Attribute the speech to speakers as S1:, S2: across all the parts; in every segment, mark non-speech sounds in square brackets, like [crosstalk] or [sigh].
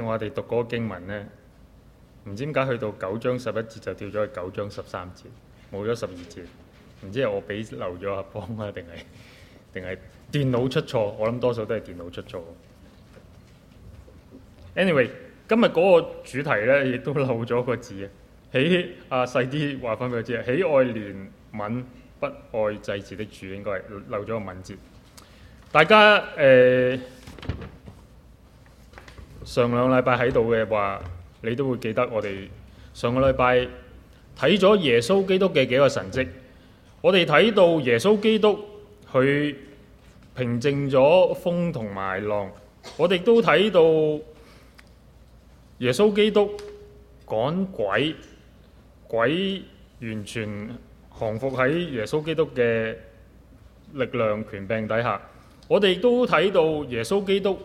S1: 我哋讀嗰個經文呢，唔知點解去到九章十一節就跳咗去九章十三節，冇咗十二節。唔知係我俾漏咗阿邦啊，定係定係電腦出錯？我諗多數都係電腦出錯。Anyway，今日嗰個主題呢，亦都漏咗個字啊！喜阿細啲話翻俾佢知啊，喜愛憐憫，不愛祭祀的主應該係漏咗個「憫」字。大家誒。呃上兩禮拜喺度嘅話，你都會記得我哋上個禮拜睇咗耶穌基督嘅幾個神跡。我哋睇到耶穌基督佢平靜咗風同埋浪。我哋都睇到耶穌基督趕鬼，鬼完全降服喺耶穌基督嘅力量權柄底下。我哋都睇到耶穌基督。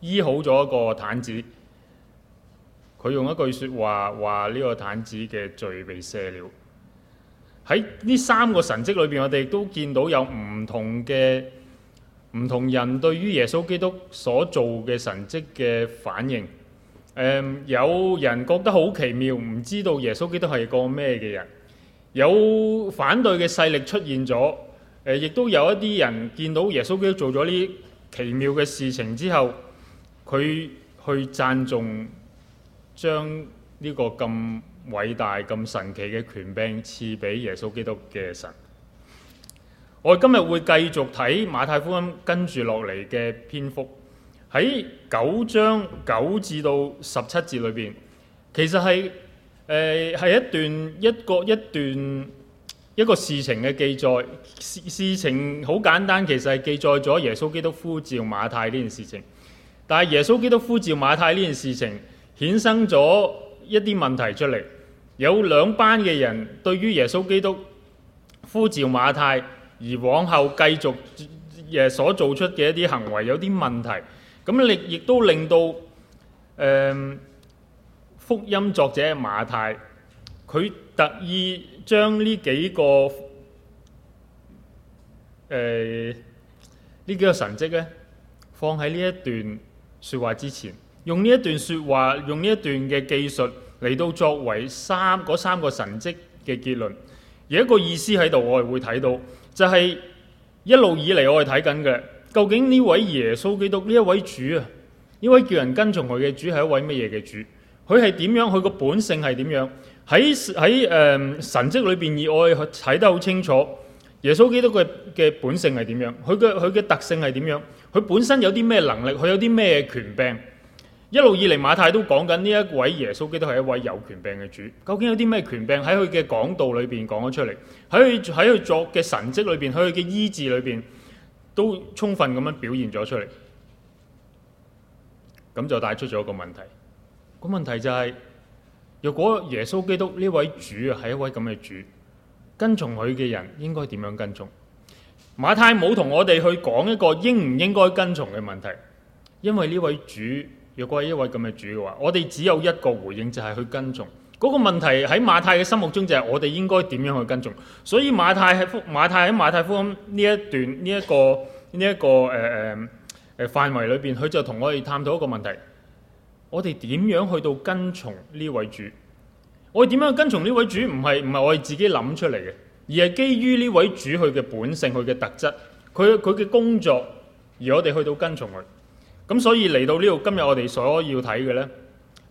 S1: 醫好咗一個癱子，佢用一句話說話話呢個癱子嘅罪被赦了。喺呢三個神蹟裏邊，我哋亦都見到有唔同嘅唔同人對於耶穌基督所做嘅神蹟嘅反應、嗯。有人覺得好奇妙，唔知道耶穌基督係個咩嘅人。有反對嘅勢力出現咗，亦都有一啲人見到耶穌基督做咗呢奇妙嘅事情之後。佢去讚頌將呢個咁偉大、咁神奇嘅權柄賜俾耶穌基督嘅神。我哋今日會繼續睇馬太福音跟住落嚟嘅篇幅，喺九章九至到十七節裏邊，其實係誒係一段一個一段一個事情嘅記載。事事情好簡單，其實係記載咗耶穌基督呼召馬太呢件事情。但係耶穌基督呼召馬太呢件事情，衍生咗一啲問題出嚟。有兩班嘅人對於耶穌基督呼召馬太，而往後繼續誒所做出嘅一啲行為有啲問題。咁亦都令到誒、呃、福音作者馬太，佢特意將呢幾個誒呢、呃、幾個神跡咧，放喺呢一段，說話之前，用呢一段說話，用呢一段嘅技術嚟到作為三嗰三個神跡嘅結論，而一個意思喺度，我哋會睇到，就係、是、一路以嚟我哋睇緊嘅，究竟呢位耶穌基督呢一位主啊，呢位叫人跟從佢嘅主係一位乜嘢嘅主？佢係點樣？佢個本性係點樣？喺喺誒神跡裏邊，而我係睇得好清楚，耶穌基督嘅嘅本性係點樣？佢嘅佢嘅特性係點樣？佢本身有啲咩能力？佢有啲咩權柄？一路以嚟，馬太都講緊呢一位耶穌基督係一位有權柄嘅主。究竟有啲咩權柄喺佢嘅講道裏邊講咗出嚟？喺佢喺佢作嘅神跡裏邊，喺佢嘅醫治裏邊，都充分咁樣表現咗出嚟。咁就帶出咗一個問題。個問題就係、是，若果耶穌基督呢位主係一位咁嘅主，跟從佢嘅人應該點樣跟從？馬太冇同我哋去講一個應唔應該跟從嘅問題，因為呢位主若果係一位咁嘅主嘅話，我哋只有一個回應就係、是、去跟從。嗰、那個問題喺馬太嘅心目中就係我哋應該點樣去跟從。所以馬太喺馬太喺馬太福音呢一段呢一、這個呢一、這個誒誒誒範圍裏邊，佢就同我哋探討一個問題：我哋點樣去到跟從呢位主？我哋點樣跟從呢位主？唔係唔係我哋自己諗出嚟嘅？而係基於呢位主佢嘅本性，佢嘅特質，佢佢嘅工作，而我哋去到跟從佢。咁所以嚟到呢度，今日我哋所要睇嘅呢，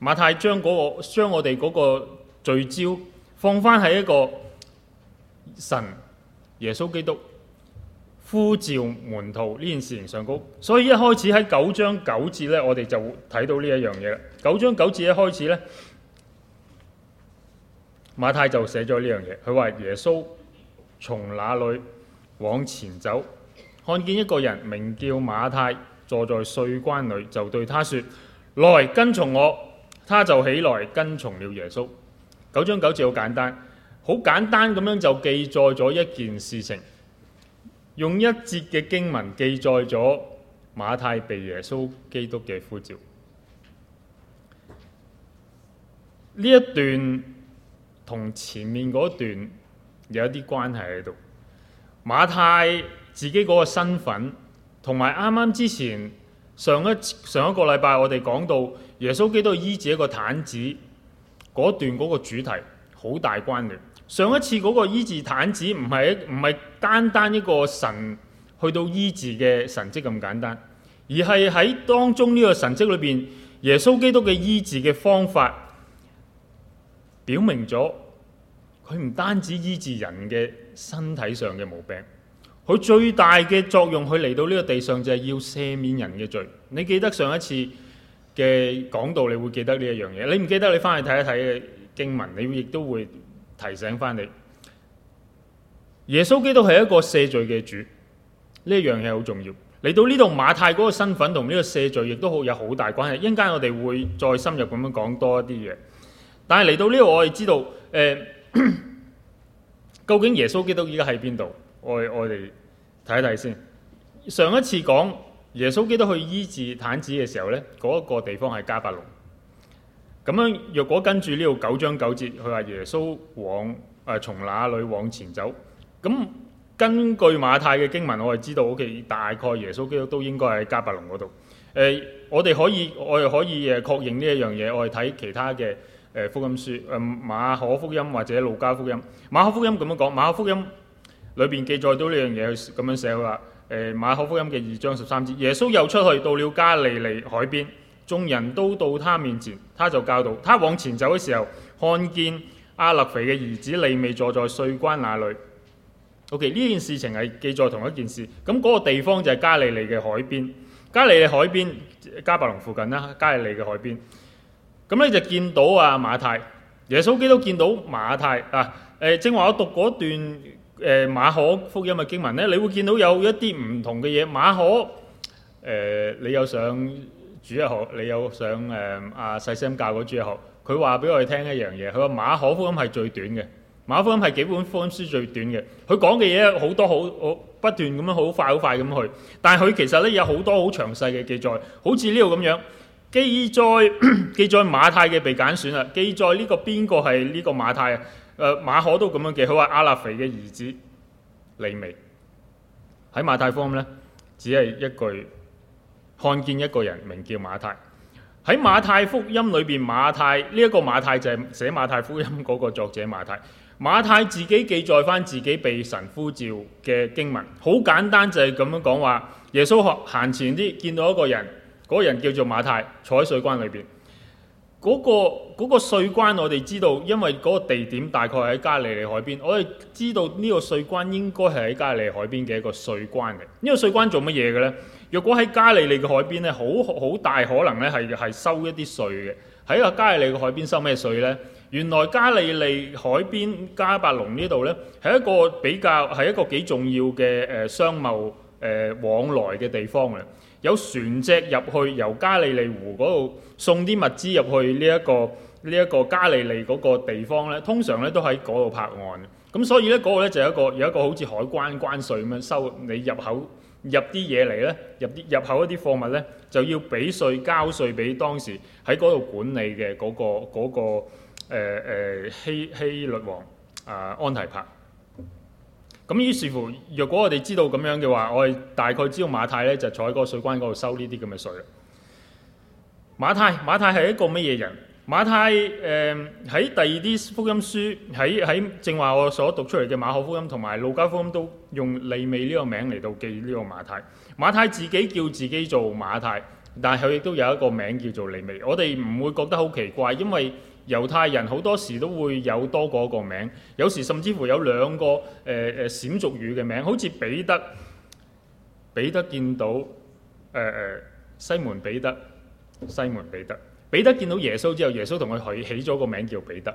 S1: 馬太將嗰個將我哋嗰個聚焦放翻喺一個神耶穌基督呼召門徒呢件事情上高。所以一開始喺九章九節呢，我哋就睇到呢一樣嘢啦。九章九節一開始呢，馬太就寫咗呢樣嘢，佢話耶穌。從那裏往前走，看見一個人名叫馬太，坐在稅關裏，就對他說：來跟從我。他就起來跟從了耶穌。九章九字好簡單，好簡單咁樣就記載咗一件事情，用一節嘅經文記載咗馬太被耶穌基督嘅呼召。呢一段同前面嗰段，有一啲關係喺度，馬太自己嗰個身份，同埋啱啱之前上一上一個禮拜我哋講到耶穌基督醫治一個癱子嗰段嗰個主題，好大關聯。上一次嗰個醫治癱子唔係唔係單單一個神去到醫治嘅神蹟咁簡單，而係喺當中呢個神蹟裏邊，耶穌基督嘅醫治嘅方法，表明咗。佢唔單止醫治人嘅身體上嘅毛病，佢最大嘅作用，佢嚟到呢個地上就係要赦免人嘅罪。你記得上一次嘅講道，你會記得呢一樣嘢。你唔記得，你翻去睇一睇經文，你亦都會提醒翻你。耶穌基督係一個赦罪嘅主，呢一樣嘢好重要。嚟到呢度，馬太嗰個身份同呢個赦罪亦都好有好大關係。一陣間我哋會再深入咁樣講多一啲嘢。但係嚟到呢度，我哋知道，誒、呃。 [coughs] 究竟耶穌基督依家喺邊度？我我哋睇一睇先。上一次講耶穌基督去醫治癱子嘅時候呢，嗰一個地方係迦百農。咁樣若果跟住呢度九章九節，佢話耶穌往，誒從哪裡往前走？咁根據馬太嘅經文，我哋知道，OK，大概耶穌基督都應該喺迦百農嗰度。誒，我哋可以，我哋可以誒確認呢一樣嘢。我哋睇其他嘅。誒福音書，誒、嗯、馬可福音或者路加福音，馬可福音咁樣講，馬可福音裏邊記載到呢樣嘢，咁樣寫佢話，誒馬可福音嘅二章十三節，耶穌又出去到了加利利海邊，眾人都到他面前，他就教導。他往前走嘅時候，看見亞勒腓嘅兒子利未坐在稅關那裡。OK，呢件事情係記載同一件事，咁嗰個地方就係加利利嘅海邊，加利利海邊迦百農附近啦，加利利嘅海邊。咁咧就見到啊馬太，耶穌基督見到馬太啊，呃、正話我讀嗰段誒、呃、馬可福音嘅經文咧，你會見到有一啲唔同嘅嘢。馬可、呃、你有上主日學，你有上誒、呃、啊細聲教嗰主日學，佢話俾我哋聽一樣嘢，佢話馬可福音係最短嘅，馬可福音係幾本福音書最短嘅，佢講嘅嘢好多好，不斷咁樣好快好快咁去，但係佢其實咧有好多好詳細嘅記載，好似呢度咁樣。記載 [coughs] 記載馬太嘅被揀選啊，記載呢個邊個係呢個馬太啊？誒、呃、馬可都咁樣記，好話亞勒腓嘅兒子利未喺馬太福音呢，咧，只係一句看見一個人名叫馬太。喺馬太福音裏面，馬太呢一、呢個馬太就係寫馬太福音嗰個作者馬太。馬太自己記載翻自己被神呼召嘅經文，好簡單就係咁樣講話：耶穌學行前啲見到一個人。嗰人叫做馬太，坐喺稅關裏邊。嗰個嗰個稅關，我哋知道，因為嗰個地點大概喺加利利海邊。我哋知道呢個稅關應該係喺加利利海邊嘅一個稅關嘅。呢個稅關做乜嘢嘅呢？若果喺加利利嘅海邊呢，好好大可能呢係係收一啲稅嘅。喺個加利利嘅海邊收咩稅呢？原來加利利海邊迦百農呢度呢，係一個比較係一個幾重要嘅商貿、呃、往來嘅地方嘅。有船隻入去，由加利利湖嗰度送啲物資入去呢一個呢一個加利利嗰個地方咧，通常咧都喺嗰度泊岸。咁所以咧嗰個咧就有一個有一個好似海關關稅咁樣收你入口入啲嘢嚟咧，入啲入，入口一啲貨物咧就要俾稅交稅俾當時喺嗰度管理嘅嗰、個嗰、個、呃、呃、希希律王啊安提帕。咁於是乎，若果我哋知道咁樣嘅話，我係大概知道馬太咧就坐喺嗰個水關嗰度收呢啲咁嘅稅啦。馬太，馬太係一個乜嘢人？馬太誒喺第二啲福音書，喺喺正話我所讀出嚟嘅馬可福音同埋路加福音都用利未呢個名嚟到記呢個馬太。馬太自己叫自己做馬太，但係佢亦都有一個名叫做利未。我哋唔會覺得好奇怪，因為，猶太人好多時都會有多個個名，有時甚至乎有兩個誒誒、呃、閃族語嘅名，好似彼得。彼得見到誒誒、呃、西門彼得，西門彼得。彼得見到耶穌之後，耶穌同佢起起咗個名叫彼得。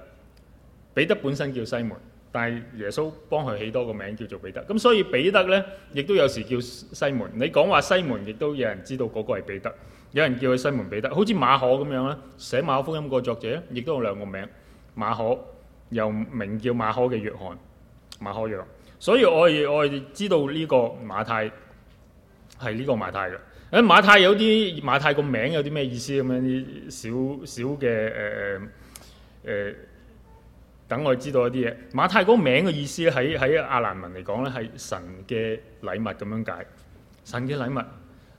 S1: 彼得本身叫西門，但係耶穌幫佢起多個名叫做彼得。咁所以彼得呢，亦都有時叫西門。你講話西門，亦都有人知道嗰個係彼得。有人叫佢西門彼得，好似馬可咁樣啦，寫馬可福音個作者，亦都有兩個名，馬可又名叫馬可嘅約翰，馬可約，所以我我知道呢個馬太係呢個馬太嘅。誒、哎，馬太有啲馬太個名有啲咩意思咁樣？啲少少嘅誒誒，等我哋知道一啲嘢。馬太嗰個名嘅意思喺喺亞蘭文嚟講咧，係神嘅禮物咁樣解，神嘅禮物。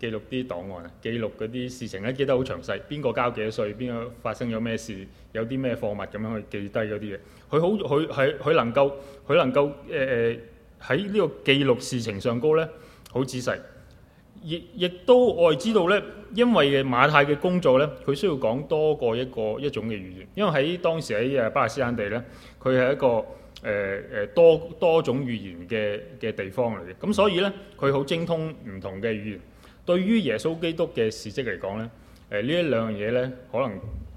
S1: 記錄啲檔案啊，記錄嗰啲事情咧，記得好詳細。邊個交幾多稅？邊個發生咗咩事？有啲咩貨物咁樣去記低嗰啲嘢。佢好，佢係佢能夠佢能夠誒喺呢個記錄事情上高咧，好仔細。亦亦都我哋知道咧，因為嘅馬太嘅工作咧，佢需要講多過一個一種嘅語言，因為喺當時喺誒巴勒斯坦地咧，佢係一個誒誒、呃、多多種語言嘅嘅地方嚟嘅，咁所以咧佢好精通唔同嘅語言。對於耶穌基督嘅事跡嚟講咧，誒、呃、呢一兩樣嘢可能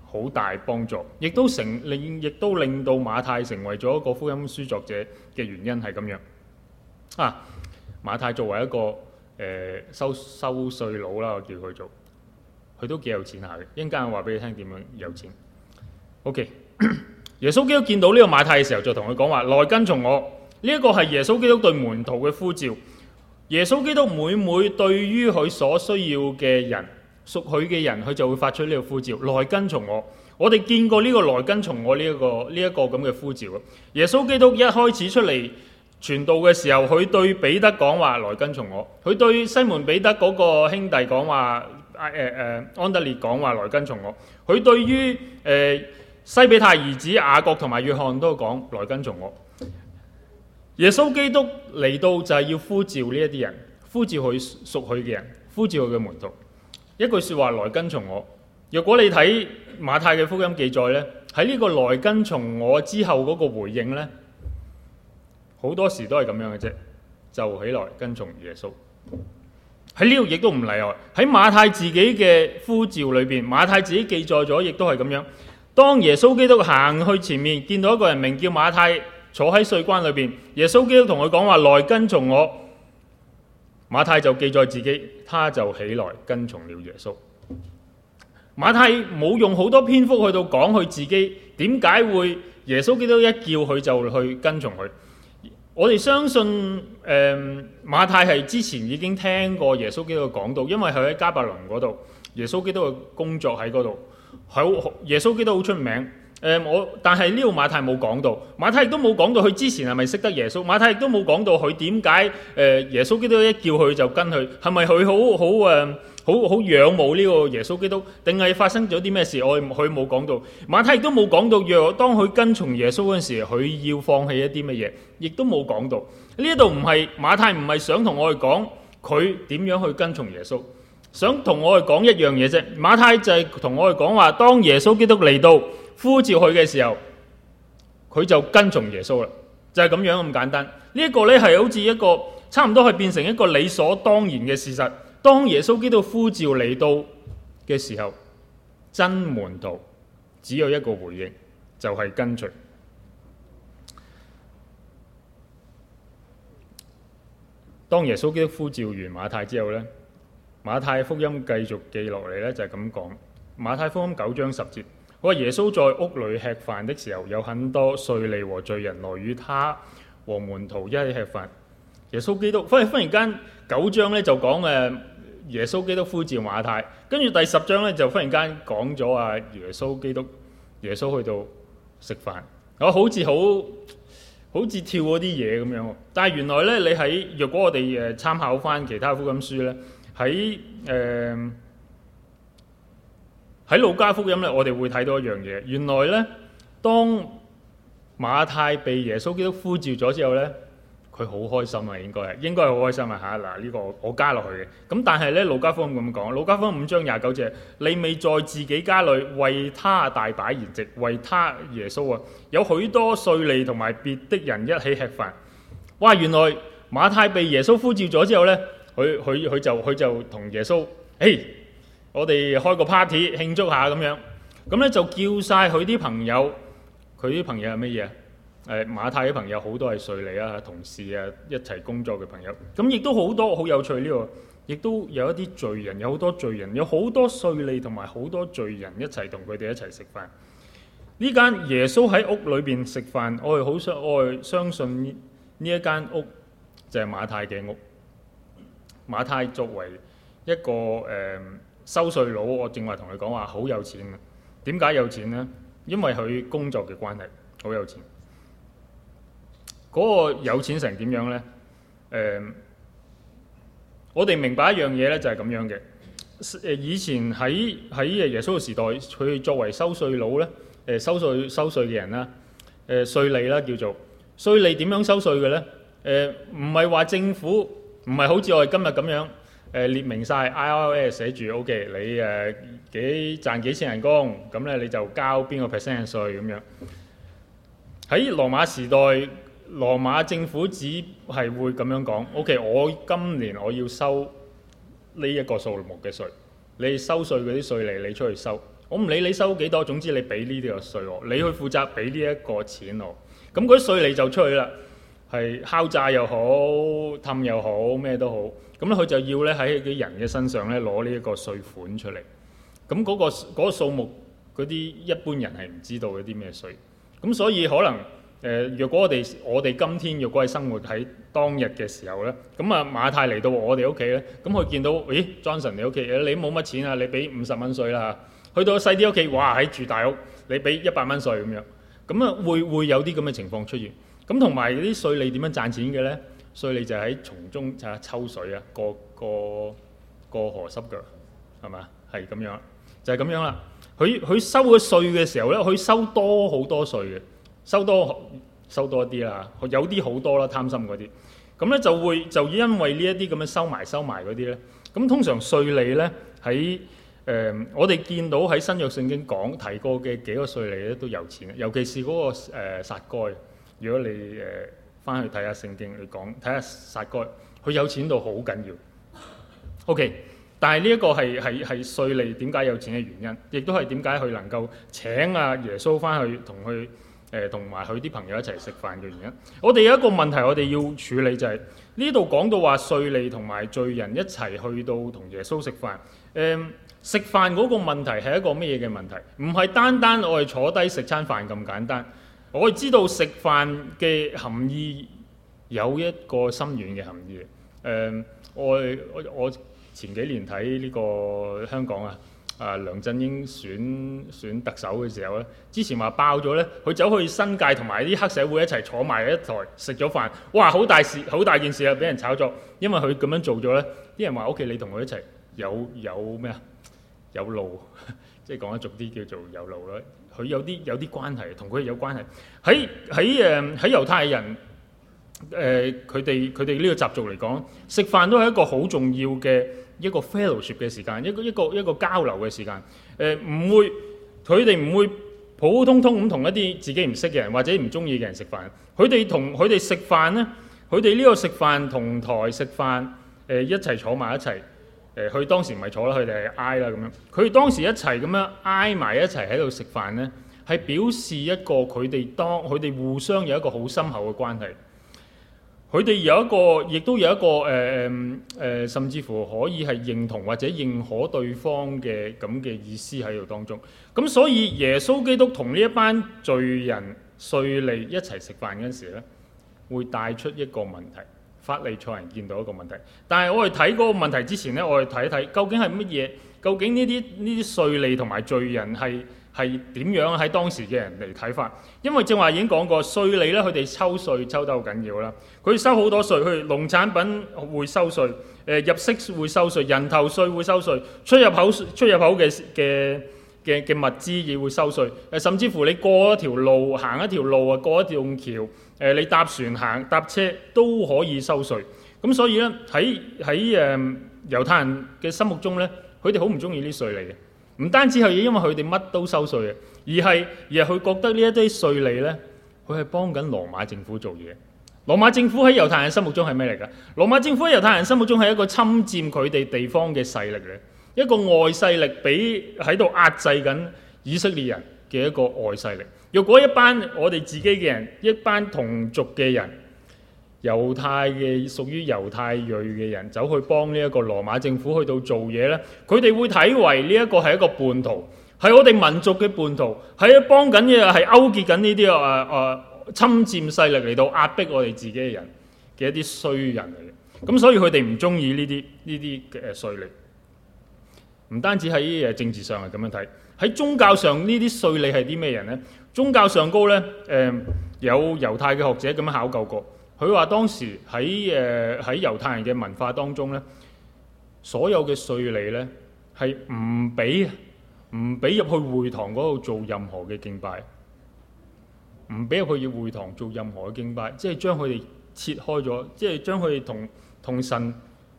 S1: 好大幫助，亦都成令，亦都令到馬太成為咗一個福音書作者嘅原因係咁樣。啊，馬太作為一個、呃、收收稅佬啦，我叫佢做，佢都幾有錢下嘅。一陣間，我話俾你聽點樣有錢？O、okay, K， [coughs] 耶穌基督見到呢個馬太嘅時候就說，就同佢講話：來跟從我。呢、這、一個係耶穌基督對門徒嘅呼召。耶穌基督每每對於佢所需要嘅人，屬佢嘅人，佢就會發出呢個呼召，來跟從我。我哋見過呢個來跟從我呢、這、一個呢一、這個咁嘅、這個、呼召。耶穌基督一開始出嚟傳道嘅時候，佢對彼得講話，來跟從我；佢對西門彼得嗰個兄弟講話誒誒、啊啊啊、安德烈講話，來跟從我；佢對於誒、啊、西比太兒子雅各同埋約翰都講來跟從我。耶穌基督嚟到就係要呼召呢一啲人，呼召佢屬佢嘅人，呼召佢嘅門徒。一句說話，來跟從我。若果你睇馬太嘅福音記載呢，喺呢個來跟從我之後嗰個回應呢，好多時都係咁樣嘅啫。就起來跟從耶穌。喺呢度亦都唔例外。喺馬太自己嘅呼召裏邊，馬太自己記載咗，亦都係咁樣。當耶穌基督行去前面，見到一個人名叫馬太，坐喺稅關裏邊，耶穌基督同佢講話：來跟從我。馬太就記載自己，他就起來跟從了耶穌。馬太冇用好多篇幅去到講佢自己點解會耶穌基督一叫佢就去跟從佢。我哋相信，誒、嗯，馬太係之前已經聽過耶穌基督講道，因為佢喺迦百農嗰度，耶穌基督嘅工作喺嗰度，好耶穌基督好出名。誒、嗯、我，但係呢個馬太冇講到，馬太亦都冇講到佢之前係咪識得耶穌，馬太亦都冇講到佢點解耶穌基督一叫佢就跟佢，係咪佢好好誒好好仰慕呢個耶穌基督，定係發生咗啲咩事？我佢冇講到，馬太亦都冇講到若當佢跟從耶穌嗰陣時，佢要放棄一啲乜嘢，亦都冇講到。呢一度唔係馬太唔係想同我哋講佢點樣去跟從耶穌，想同我哋講一樣嘢啫，馬太就係同我哋講話，當耶穌基督嚟到呼召佢嘅時候，佢就跟從耶穌啦，就係咁樣咁簡單。呢一個咧係好似一個差唔多係變成一個理所當然嘅事實。當耶穌基督呼召嚟到嘅時候，真門徒只有一個回應，就係跟隨。當耶穌基督呼召完馬太之後呢。馬太福音繼續記落嚟呢，就係咁講。馬太福音九章十節，我話耶穌在屋裏，吃飯的時候，有很多稅吏和罪人來與他和門徒一起吃飯。耶穌基督忽然忽然間，九章呢就講誒，耶穌基督呼召馬太，跟住第十章呢就忽然間講咗啊，耶穌基督，耶穌去到食飯，我好似好好似跳嗰啲嘢咁樣。但係原來呢，你喺若果我哋誒參考返其他福音書呢。喺誒喺路加福音咧，我哋會睇到一樣嘢。原來咧，當馬太被耶穌基督呼召咗之後咧，佢好開心,該該很開心啊！應該係應該係好開心啊！嚇嗱，呢個我加落去嘅。咁但係咧，路加福音咁講，路加福音五章廿九節，你未在自己家裏為他大擺筵席，為他耶穌啊，有許多稅吏同埋別的人一起吃飯。哇！原來馬太被耶穌呼召咗之後咧～佢佢佢就佢就同耶穌，誒，我哋開個 party 慶祝下咁樣，咁咧就叫晒佢啲朋友，佢啲朋友係乜嘢？誒、哎，馬太嘅朋友好多係稅吏啊，同事啊，一齊工作嘅朋友，咁亦都好多好有趣呢個，亦都有一啲罪人，有好多罪人，有好多稅吏同埋好多罪人一齊同佢哋一齊食飯。呢間耶穌喺屋裏邊食飯，我係好相，我係相信呢一間屋就係、是、馬太嘅屋。馬太作為一個誒、呃、收稅佬，我正話同佢講話好有錢啊！點解有錢呢？因為佢工作嘅關係，好有錢。嗰、那個有錢成點樣呢？誒、呃，我哋明白一樣嘢呢，就係、是、咁樣嘅。誒，以前喺喺耶穌嘅時代，佢作為收稅佬、呃呃、呢，誒收稅收稅嘅人啦，誒稅吏啦叫做稅吏點樣收稅嘅呢？誒唔係話政府。唔係好似我哋今日咁樣，誒、呃、列明晒 I R S 寫住 O K，你誒、呃、幾賺幾千人工，咁咧你就交邊個 percent 稅咁樣。喺羅馬時代，羅馬政府只係會咁樣講 O K，我今年我要收呢一個數目嘅稅，你收稅嗰啲稅吏，你出去收，我唔理你收幾多，總之你俾呢啲嘅稅，你去負責俾呢一個錢我，咁嗰啲稅吏就出去啦。係敲詐又好，氹又好，咩都好，咁佢就要咧喺人嘅身上咧攞呢一個稅款出嚟，咁嗰個嗰個數目，嗰啲一般人係唔知道嗰啲咩稅，咁所以可能、呃、若果我哋我哋今天若果係生活喺當日嘅時候咧，咁啊馬太嚟到我哋屋企咧，咁佢見到咦，Johnson 你屋企，你冇乜錢啊，你俾五十蚊稅啦，去到細啲屋企，哇喺住大屋，你俾一百蚊稅咁樣，咁啊會會有啲咁嘅情況出現。咁同埋啲稅吏點樣賺錢嘅咧？稅吏就喺從中就係、啊、抽水啊，過過過河濕腳，係嘛？係咁樣，就係、是、咁樣啦。佢佢收咗稅嘅時候咧，佢收多好多稅嘅，收多收多啲啦。有啲好多啦，貪心嗰啲。咁咧就會就因為呢一啲咁樣收埋收埋嗰啲咧，咁通常稅吏咧喺誒我哋見到喺新約聖經講提過嘅幾個稅吏咧都有錢，尤其是嗰、那個誒撒該、呃如果你誒翻、呃、去睇下聖經嚟講，睇下撒該，佢有錢到好緊要。OK，但係呢一個係係係稅吏點解有錢嘅原因，亦都係點解佢能夠請阿、啊、耶穌翻去同佢誒同埋佢啲朋友一齊食飯嘅原因。我哋有一個問題，我哋要處理就係呢度講到話稅吏同埋罪人一齊去到同耶穌食飯。誒食飯嗰個問題係一個乜嘢嘅問題？唔係單單我哋坐低食餐飯咁簡單。我係知道食飯嘅含義有一個深遠嘅含義嘅、嗯。我我，我前幾年睇呢個香港啊，啊梁振英選選特首嘅時候咧，之前話爆咗咧，佢走去新界同埋啲黑社會一齊坐埋一台食咗飯，哇！好大事，好大件事啊，俾人炒作，因為佢咁樣做咗咧，啲人話屋企你同佢一齊有有咩啊？有路， [laughs] 即係講得俗啲叫做有路啦。佢有啲有啲關係，同佢有關係。喺喺誒喺猶太人誒，佢哋佢哋呢個習俗嚟講，食飯都係一個好重要嘅一個 fellowship 嘅時間，一個一個一個交流嘅時間。誒、呃、唔會佢哋唔會普普通通咁同一啲自己唔識嘅人或者唔中意嘅人食飯。佢哋同佢哋食飯咧，佢哋呢個食飯同台食飯誒、呃，一齊坐埋一齊，誒，佢、呃、當時唔係坐啦，佢哋挨啦咁樣。佢當時一齊咁樣挨埋一齊喺度食飯呢，係表示一個佢哋當佢哋互相有一個好深厚嘅關係。佢哋有一個，亦都有一個誒誒、呃呃，甚至乎可以係認同或者認可對方嘅咁嘅意思喺度當中。咁所以耶穌基督同呢一班罪人、稅吏一齊食飯嗰陣時咧，會帶出一個問題。法利賽人見到一個問題，但係我哋睇嗰個問題之前呢，我哋睇一睇究竟係乜嘢？究竟呢啲呢啲稅利同埋罪人係係點樣喺當時嘅人嚟睇法？因為正話已經講過，稅利呢，佢哋抽稅抽得好緊要啦。佢收好多稅，佢農產品會收稅，誒入息會收稅，人頭稅會收稅，出入口，出入口嘅嘅嘅嘅物資亦會收稅。誒，甚至乎你過一條路，行一條路啊，過一條橋。誒、呃、你搭船行搭車都可以收稅，咁所以呢，喺喺誒猶太人嘅心目中呢，佢哋好唔中意呢稅利嘅，唔單止係因為佢哋乜都收稅嘅，而係而係佢覺得呢一啲稅利呢，佢係幫緊羅馬政府做嘢。羅馬政府喺猶太人心目中係咩嚟噶？羅馬政府喺猶太人心目中係一個侵佔佢哋地方嘅勢力嚟，一個外勢力俾喺度壓制緊以色列人。嘅一個外勢力，若果一班我哋自己嘅人，一班同族嘅人，猶太嘅屬於猶太裔嘅人，走去幫呢一個羅馬政府去到做嘢呢，佢哋會睇為呢一個係一個叛徒，係我哋民族嘅叛徒，係幫緊嘅，係勾結緊呢啲啊啊侵佔勢力嚟到壓迫我哋自己嘅人嘅一啲衰人嚟嘅，咁所以佢哋唔中意呢啲呢啲嘅勢力，唔單止喺政治上係咁樣睇。喺宗教上呢啲稅吏係啲咩人呢？宗教上高呢，誒、呃、有猶太嘅學者咁樣考究過。佢話當時喺誒喺猶太人嘅文化當中呢，所有嘅稅吏呢，係唔俾唔俾入去會堂嗰度做任何嘅敬拜，唔俾入去要會堂做任何嘅敬拜，即係將佢哋切開咗，即係將佢哋同同神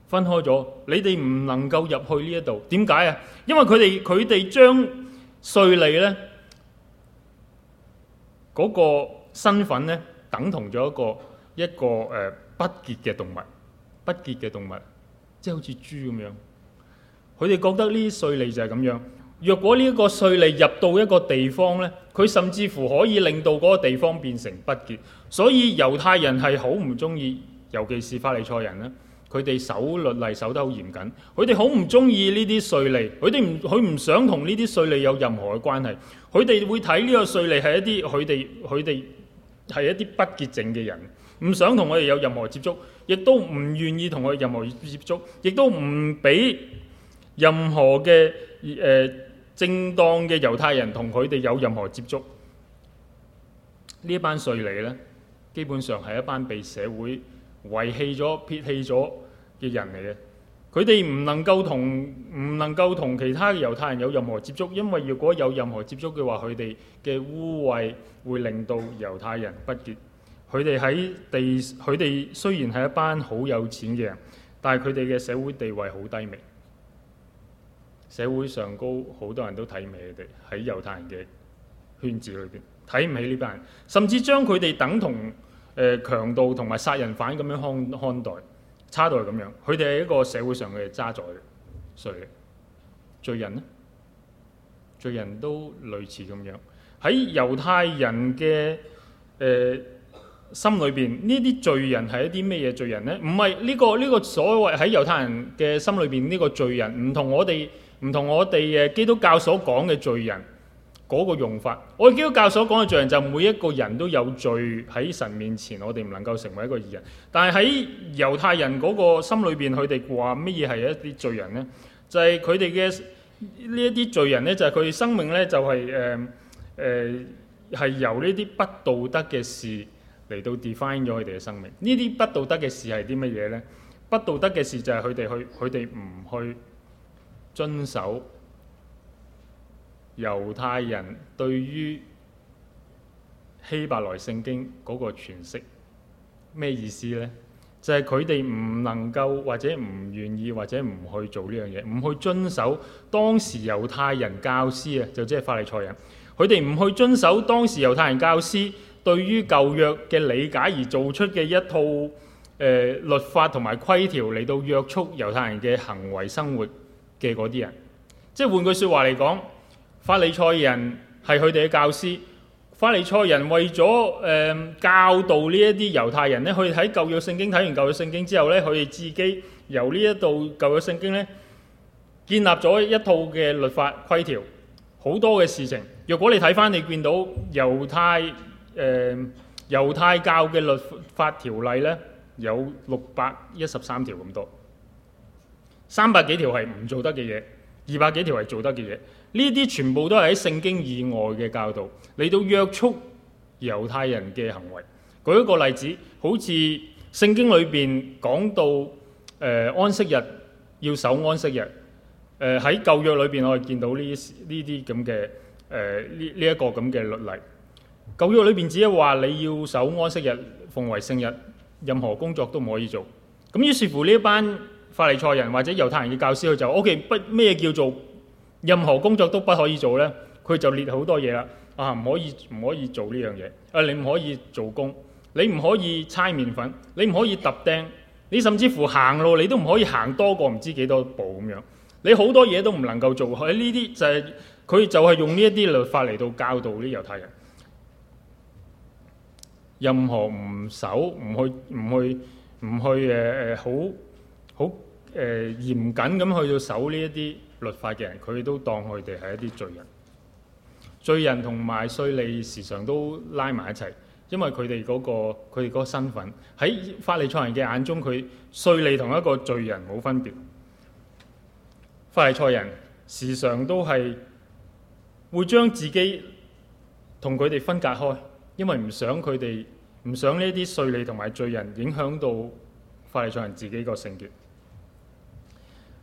S1: 分開咗。你哋唔能夠入去呢一度，點解啊？因為佢哋佢哋將稅吏呢，嗰、那個身份呢，等同咗一個一個誒、呃、不潔嘅動物，不潔嘅動物，即係好似豬咁樣。佢哋覺得呢啲稅吏就係咁樣。若果呢一個稅吏入到一個地方呢，佢甚至乎可以令到嗰個地方變成不潔，所以猶太人係好唔中意，尤其是法利賽人咧。佢哋守律例守得好嚴謹，佢哋好唔中意呢啲稅吏，佢哋唔佢唔想同呢啲稅吏有任何嘅關係，佢哋會睇呢個稅吏係一啲佢哋佢哋係一啲不潔淨嘅人，唔想同我哋有任何接觸，亦都唔願意同我任何接觸，亦都唔俾任何嘅誒正當嘅猶太人同佢哋有任何接觸。呢、呃、一班稅吏呢，基本上係一班被社會遺棄咗、撇棄咗嘅人嚟嘅，佢哋唔能夠同唔能夠同其他嘅猶太人有任何接觸，因為如果有任何接觸嘅話，佢哋嘅污穢會令到猶太人不潔。佢哋喺地，佢哋雖然係一班好有錢嘅人，但係佢哋嘅社會地位好低微，社會上高好多人都睇唔起佢哋，喺猶太人嘅圈子裏邊，睇唔起呢班人，甚至將佢哋等同誒強盜同埋殺人犯咁樣看看待。差到係咁樣，佢哋係一個社會上嘅渣滓，罪人。罪人咧，罪人都類似咁樣。喺猶太人嘅誒、呃、心裏邊，呢啲罪人係一啲咩嘢罪人呢？唔係呢個呢、呢個所謂喺猶太人嘅心裏邊呢個罪人唔，唔同我哋唔同我哋誒基督教所講嘅罪人。嗰個用法，我哋基督教所講嘅罪人就每一個人都有罪喺神面前，我哋唔能夠成為一個義人。但係喺猶太人嗰個心裏邊，佢哋話乜嘢係一啲罪人呢？就係佢哋嘅呢一啲罪人呢，就係佢哋生命呢，就係誒誒係由呢啲不道德嘅事嚟到 define 咗佢哋嘅生命。呢啲不道德嘅事係啲乜嘢呢？不道德嘅事就係佢哋去佢哋唔去遵守。猶太人對於希伯來聖經嗰個詮釋咩意思呢？就係佢哋唔能夠，或者唔願意，或者唔去做呢樣嘢，唔去遵守當時猶太人教師啊，就即係法利賽人。佢哋唔去遵守當時猶太人教師對於舊約嘅理解而做出嘅一套誒、呃、律法同埋規條嚟到約束猶太人嘅行為生活嘅嗰啲人。即係換句説話嚟講。法利賽人係佢哋嘅教師，法利賽人為咗誒、呃、教導呢一啲猶太人咧，佢哋喺舊約聖經睇完舊約聖經之後咧，佢哋自己由呢一度舊約聖經呢建立咗一套嘅律法規條，好多嘅事情。若果你睇翻，你見到猶太、誒、呃、猶太教嘅律法條例呢，有六百一十三條咁多，三百幾條係唔做得嘅嘢，二百幾條係做得嘅嘢。呢啲全部都係喺聖經以外嘅教導嚟到約束猶太人嘅行為。舉一個例子，好似聖經裏邊講到誒、呃、安息日，要守安息日。誒喺舊約裏邊，我哋見到呢呢啲咁嘅誒呢呢一個咁嘅律例。舊約裏邊只係話你要守安息日，奉為聖日，任何工作都唔可以做。咁於是乎呢一班法利賽人或者猶太人嘅教師說，佢就 O.K. 乜嘢叫做？任何工作都不可以做呢，佢就列好多嘢啦。啊，唔可以唔可以做呢樣嘢？啊，你唔可以做工，你唔可以猜麵粉，你唔可以揼釘，你甚至乎行路你都唔可以行多過唔知幾多步咁樣，你好多嘢都唔能夠做。喺呢啲就係、是，佢就係用呢一啲律法嚟到教導啲猶太人。任何唔守唔去唔去唔去誒，好好誒嚴謹咁去到守呢一啲，律法嘅人，佢都當佢哋係一啲罪人，罪人同埋稅吏時常都拉埋一齊，因為佢哋嗰個佢哋個身份喺法利賽人嘅眼中，佢稅吏同一個罪人冇分別。法利賽人時常都係會將自己同佢哋分隔開，因為唔想佢哋唔想呢啲稅吏同埋罪人影響到法利賽人自己個聖潔。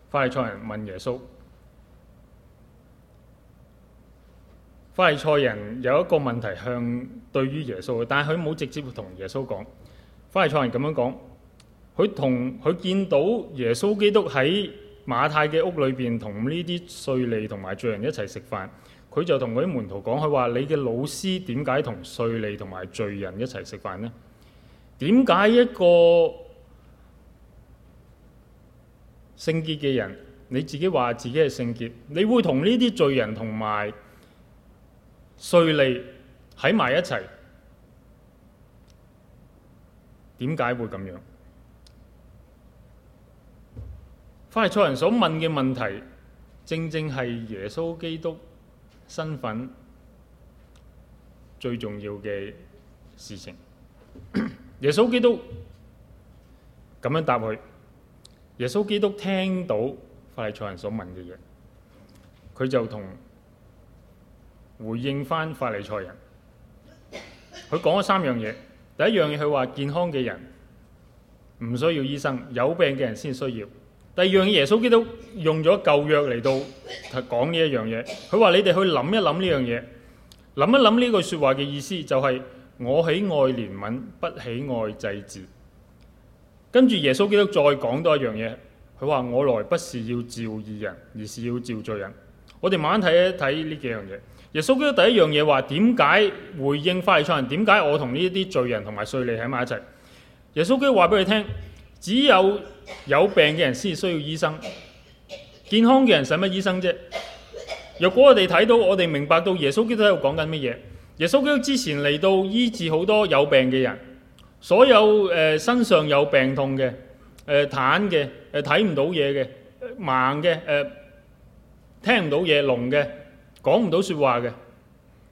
S1: 法利賽人問耶穌。法利賽人有一個問題向對於耶穌，但係佢冇直接同耶穌講。法利賽人咁樣講，佢同佢見到耶穌基督喺馬太嘅屋裏邊同呢啲稅吏同埋罪人一齊食飯，佢就同佢啲門徒講：佢話你嘅老師點解同稅吏同埋罪人一齊食飯呢？點解一個聖潔嘅人，你自己話自己係聖潔，你會同呢啲罪人同埋？稅利喺埋一齊，點解會咁樣？法利賽人所問嘅問題，正正係耶穌基督身份最重要嘅事情。 [coughs] 耶穌基督咁樣答佢。耶穌基督聽到法利賽人所問嘅嘢，佢就同。回應返法利賽人，佢講咗三樣嘢。第一樣嘢，佢話健康嘅人唔需要醫生，有病嘅人先需要。第二樣嘢，耶穌基督用咗舊約嚟到講呢一樣嘢。佢話：你哋去諗一諗呢樣嘢，諗一諗呢句説話嘅意思，就是，就係「我喜愛憐憫，不喜愛祭祀。」跟住耶穌基督再講多一樣嘢，佢話：我來不是要召義人，而是要召罪人。我哋慢慢睇一睇呢幾樣嘢。耶穌基督第一樣嘢話：點解回應法利賽人？點解我同呢啲罪人同埋稅吏喺埋一齊？耶穌基督話俾你聽：只有有病嘅人先需要醫生，健康嘅人使乜醫生啫？若果我哋睇到，我哋明白到耶穌基督喺度講緊乜嘢？耶穌基督之前嚟到醫治好多有病嘅人，所有、呃、身上有病痛嘅、誒、呃、癱嘅、誒睇唔到嘢嘅、呃、盲嘅、誒、呃、聽唔到嘢、聾嘅。講唔到說話嘅，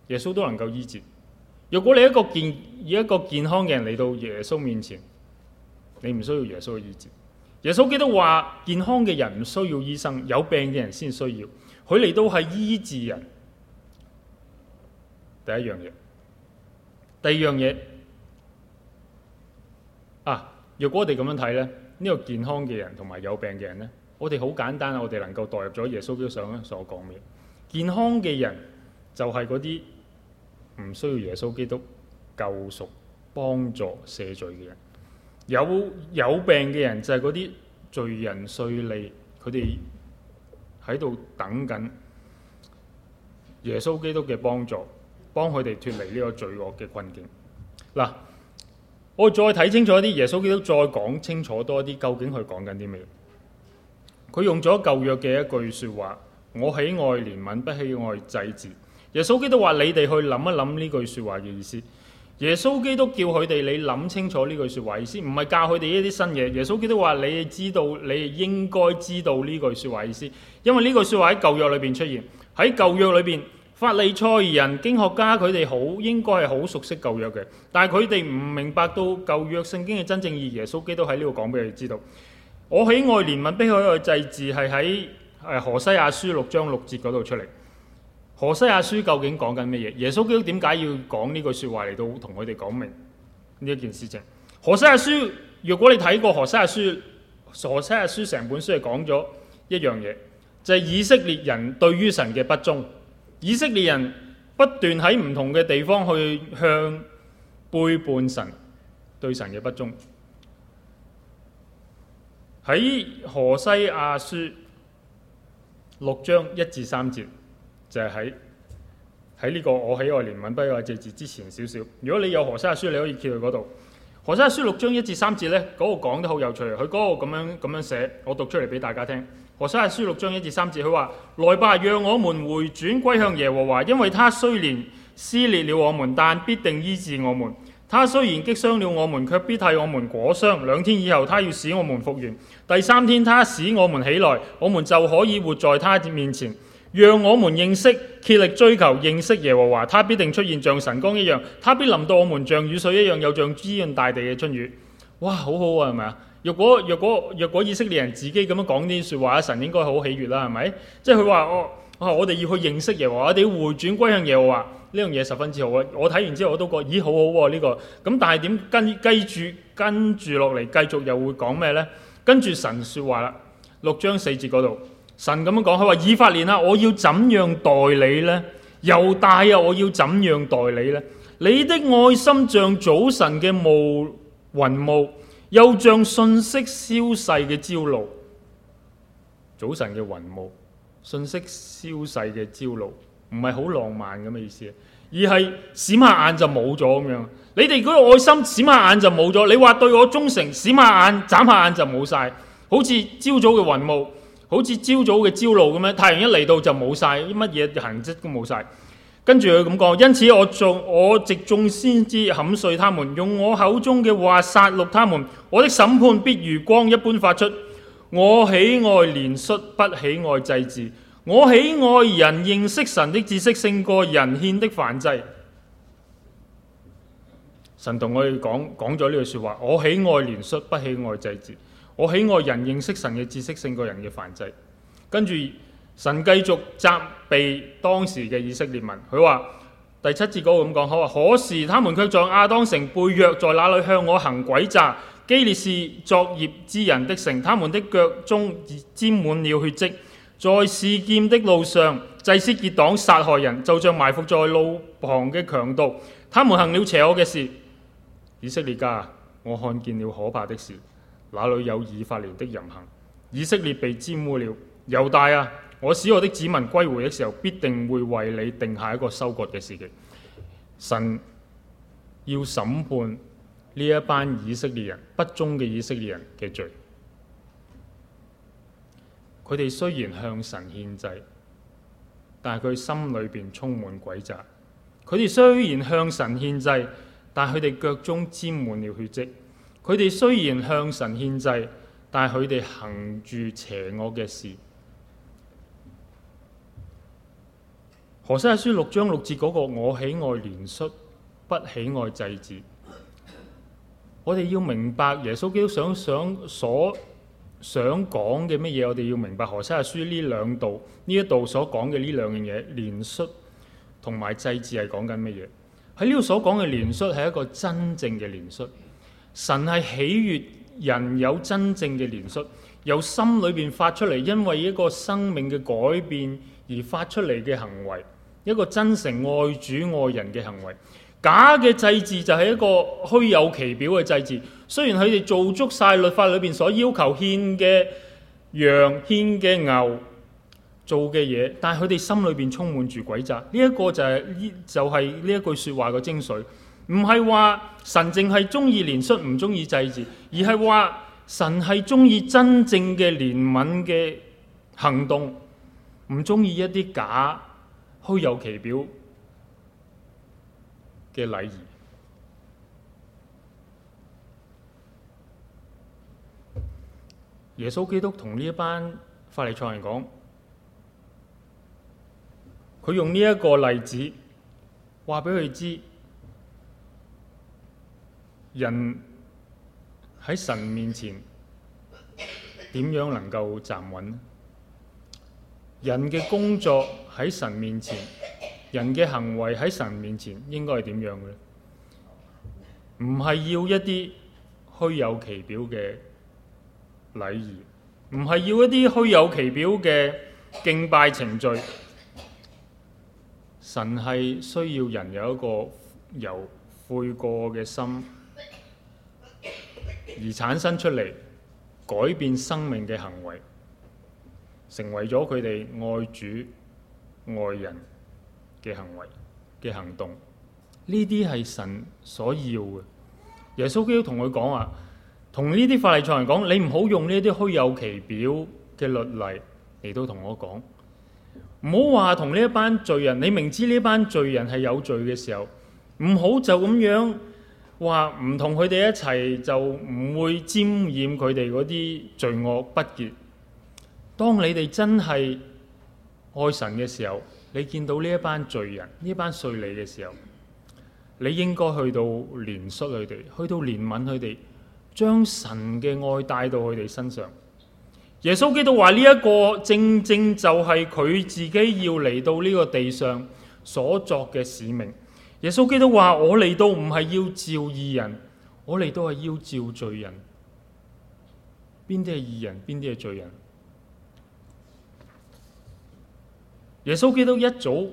S1: 耶穌都能夠醫治。若果你一個健以一個健康嘅人嚟到耶穌面前，你唔需要耶穌嘅醫治。耶穌基督話：健康嘅人唔需要醫生，有病嘅人先需要。佢嚟都係醫治人。第一樣嘢，第二樣嘢啊！若果我哋咁樣睇呢，呢、呢個健康嘅人同埋有病嘅人呢，我哋好簡單，我哋能夠代入咗耶穌基督上所講嘅。健康嘅人就係嗰啲唔需要耶穌基督救贖、幫助、赦罪嘅人。有有病嘅人就係嗰啲罪人稅吏，佢哋喺度等緊耶穌基督嘅幫助，幫佢哋脫離呢個罪惡嘅困境。嗱，我再睇清楚一啲，耶穌基督再講清楚多啲，究竟佢講緊啲咩？佢用咗舊約嘅一句說話。我喜愛憐憫，不喜愛祭祀。耶穌基督話：你哋去諗一諗呢句説話嘅意思。耶穌基督叫佢哋你諗清楚呢句説話意思，唔係教佢哋呢啲新嘢。耶穌基督話：你哋知道，你哋應該知道呢句説話意思。因為呢句説話喺舊約裏邊出現，喺舊約裏邊，法利賽人、經學家佢哋好應該係好熟悉舊約嘅，但係佢哋唔明白到舊約聖經嘅真正意義。耶穌基督喺呢度講俾佢哋知道，我喜愛憐憫，不喜愛祭祀，係喺。係何西阿書六章六節嗰度出嚟。何西阿書究竟講緊乜嘢？耶穌基督點解要講呢句説話嚟到同佢哋講明呢一件事情？何西阿書，如果你睇過何西阿書，何西阿書成本書係講咗一樣嘢，就係、是、以色列人對於神嘅不忠。以色列人不斷喺唔同嘅地方去向背叛神，對神嘅不忠。喺何西阿書。六章一至三節，就係喺喺呢個我喜愛憐憫不愛祭祀之前少少。如果你有何西阿書，你可以去嗰度。何西阿書六章一至三節呢，嗰、嗰個講得好有趣。佢嗰個咁樣咁樣寫，我讀出嚟俾大家聽。何西阿書六章一至三節，佢話：來吧，讓我們回轉歸向耶和華，因為他雖然撕裂了我們，但必定醫治我們。他雖然擊傷了我們，卻必替我們裹傷。兩天以後，他要使我們復原。第三天，他使我們起來，我們就可以活在他面前。讓我們認識，竭力追求認識耶和華，他必定出現像晨光一樣，他必臨到我們像雨水一樣，又像滋潤大地嘅春雨。哇，好好啊，係咪啊？若果若果若果以色列人自己咁樣講啲説話，神應該好喜悦啦、啊，係咪？即係佢話我我哋要去認識耶和華，我哋要回轉歸向耶和華。呢樣嘢十分之好啊！我睇完之後我都覺，咦，好好喎、啊、呢、呢個。咁但係點跟跟住跟住落嚟，繼續又會講咩呢？跟住神說話啦，六章四節嗰度，神咁樣講，佢話：以法蓮啊，我要怎樣待你呢？猶大啊，我要怎樣待你呢？你的愛心像早晨嘅霧雲霧，又像瞬息消逝嘅朝露。早晨嘅雲霧，瞬息消逝嘅朝露。唔係好浪漫咁嘅意思，而係閃下眼就冇咗咁樣。你哋嗰個愛心閃下眼就冇咗，你話對我忠誠閃下眼眨下眼就冇晒，好似朝早嘅雲霧，好似朝早嘅朝露咁樣，太陽一嚟到就冇晒，啲乜嘢痕跡都冇晒。跟住佢咁講，因此我仲我直中先知砍碎他們，用我口中嘅話殺戮他們，我的審判必如光一般發出。我喜愛憐恤，不喜愛祭祀。」我喜愛人認識神的知識勝過人獻的燔祭。神同我哋講講咗呢句說話，我喜愛憐恤，不喜愛祭祀。我喜愛人認識神嘅知識勝過人嘅燔祭。跟住神繼續責備當時嘅以色列民，佢話第七節嗰句咁講，好。」可是他們卻在亞當城背約，在那裏向我行詭詐，基列是作孽之人的城，他們的腳中沾滿了血跡。在示劍的路上，祭司結黨殺害人，就像埋伏在路旁嘅強盜。他們行了邪惡嘅事，以色列家。」我看見了可怕的事，那裏有以法蓮的人行？以色列被玷污了。猶大啊，我使我的子民歸回嘅時候，必定會為你定下一個收割嘅時期。神要審判呢一班以色列人不忠嘅以色列人嘅罪。佢哋雖然向神獻祭，但係佢心裏邊充滿詭詐；佢哋雖然向神獻祭，但係佢哋腳中沾滿了血跡；佢哋雖然向神獻祭，但係佢哋行住邪惡嘅事。何西阿書六章六節嗰、那個我喜愛憐恤，不喜愛祭祀。我哋要明白耶穌基督想想所。想講嘅乜嘢，我哋要明白《何西阿書》這兩道呢兩度呢一度所講嘅呢兩樣嘢，憐恤同埋祭祀係講緊乜嘢？喺呢度所講嘅憐恤係一個真正嘅憐恤。神係喜悅人有真正嘅憐恤，由心裏邊發出嚟，因為一個生命嘅改變而發出嚟嘅行為，一個真誠愛主愛人嘅行為。假嘅祭祀就係一個虛有其表嘅祭祀。雖然佢哋做足晒律法裏邊所要求獻嘅羊、獻嘅牛做嘅嘢，但係佢哋心裏邊充滿住詭詐。呢、這、一個就係、是、呢，就係呢一句説話嘅精髓。唔係話神淨係中意憐恤，唔中意祭祀，而係話神係中意真正嘅憐憫嘅行動，唔中意一啲假虛有其表嘅禮儀，耶穌基督同呢一班法利賽人講，佢用呢一個例子話俾佢知，人喺神面前點樣能夠站穩，人嘅工作喺神面前。人嘅行為喺神面前應該係點樣嘅咧？唔係要一啲虛有其表嘅禮儀，唔係要一啲虛有其表嘅敬拜程序。神係需要人有一個由悔過嘅心而產生出嚟，改變生命嘅行為，成為咗佢哋愛主、愛人。嘅行為嘅行動，呢啲係神所要嘅。耶穌基督同佢講話，同呢啲法利賽人講，你唔好用呢啲虛有其表嘅律例嚟到同我講。唔好話同呢一班罪人，你明知呢班罪人係有罪嘅時候，唔好就咁樣話唔同佢哋一齊，就唔會沾染佢哋嗰啲罪惡不潔。當你哋真係愛神嘅時候。你見到呢一班罪人、呢班稅吏嘅時候，你應該去到憐恤佢哋，去到憐憫佢哋，將神嘅愛帶到佢哋身上。耶穌基督話：呢、這、一個正正就係佢自己要嚟到呢個地上所作嘅使命。耶穌基督話：我嚟到唔係要召義人，我嚟到係要召罪人。邊啲係義人？邊啲係罪人？耶穌基督一早，誒、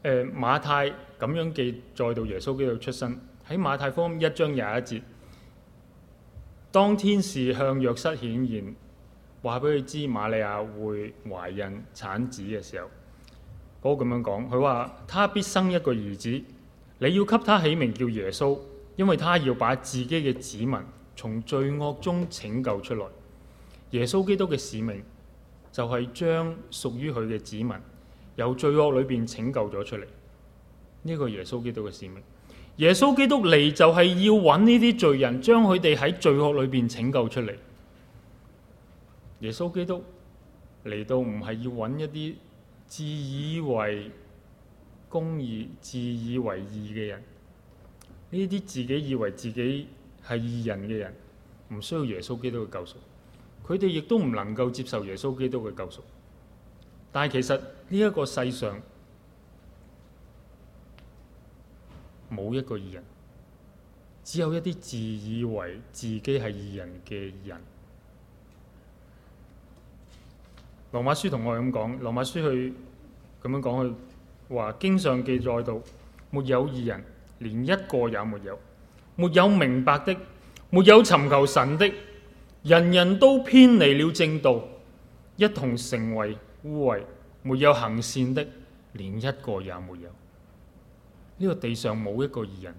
S1: 呃、馬太咁樣記載，到耶穌基督出生喺馬太福音一章廿一節，當天使向約瑟顯現，話俾佢知瑪利亞會懷孕產子嘅時候，嗰個咁樣講，佢話，他必生一個兒子，你要給他起名叫耶穌，因為他要把自己嘅子民從罪惡中拯救出來。耶穌基督嘅使命。就係將屬於佢嘅子民由罪惡裏邊拯救咗出嚟，呢個係耶穌基督嘅使命。耶穌基督嚟就係要揾呢啲罪人，將佢哋喺罪惡裏邊拯救出嚟。耶穌基督嚟到唔係要揾一啲自以為公義、自以為義嘅人，呢啲自己以為自己係義人嘅人，唔需要耶穌基督嘅救贖。佢哋亦都唔能夠接受耶穌基督嘅救贖，但係其實呢一個世上冇一個義人，只有一啲自以為自己係義人嘅義人。羅馬書同我咁講，羅馬書佢咁樣講佢話，經上記載到沒有義人，連一個也沒有，沒有明白的，沒有尋求神的。人人都偏離了正道，一同成為污穢，沒有行善的，連一個也沒有。呢、這個地上冇一個義人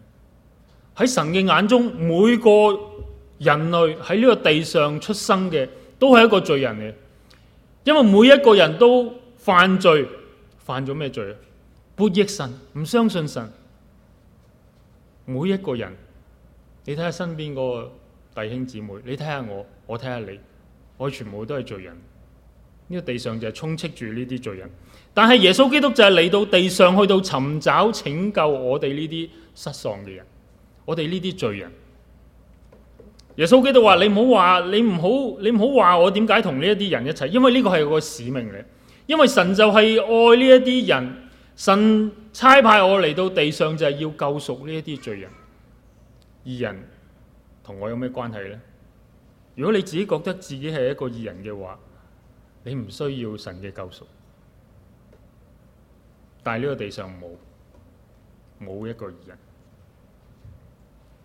S1: 喺神嘅眼中，每個人類喺呢個地上出生嘅，都係一個罪人嚟。因為每一個人都犯罪，犯咗咩罪啊？不益神，唔相信神。每一個人，你睇下身邊個。弟兄姊妹，你睇下我，我睇下你，我全部都係罪人。呢個地上就係充斥住呢啲罪人。但係耶穌基督就係嚟到地上，去到尋找拯救我哋呢啲失喪嘅人，我哋呢啲罪人。耶穌基督話：你唔好話，你唔好，你唔好話我點解同呢一啲人一齊，因為呢個係個使命嚟。因為神就係愛呢一啲人，神差派我嚟到地上就係要救贖呢一啲罪人。二人。同我有咩關係呢？如果你自己覺得自己係一個義人嘅話，你唔需要神嘅救贖。但係呢個地上冇冇一個義人。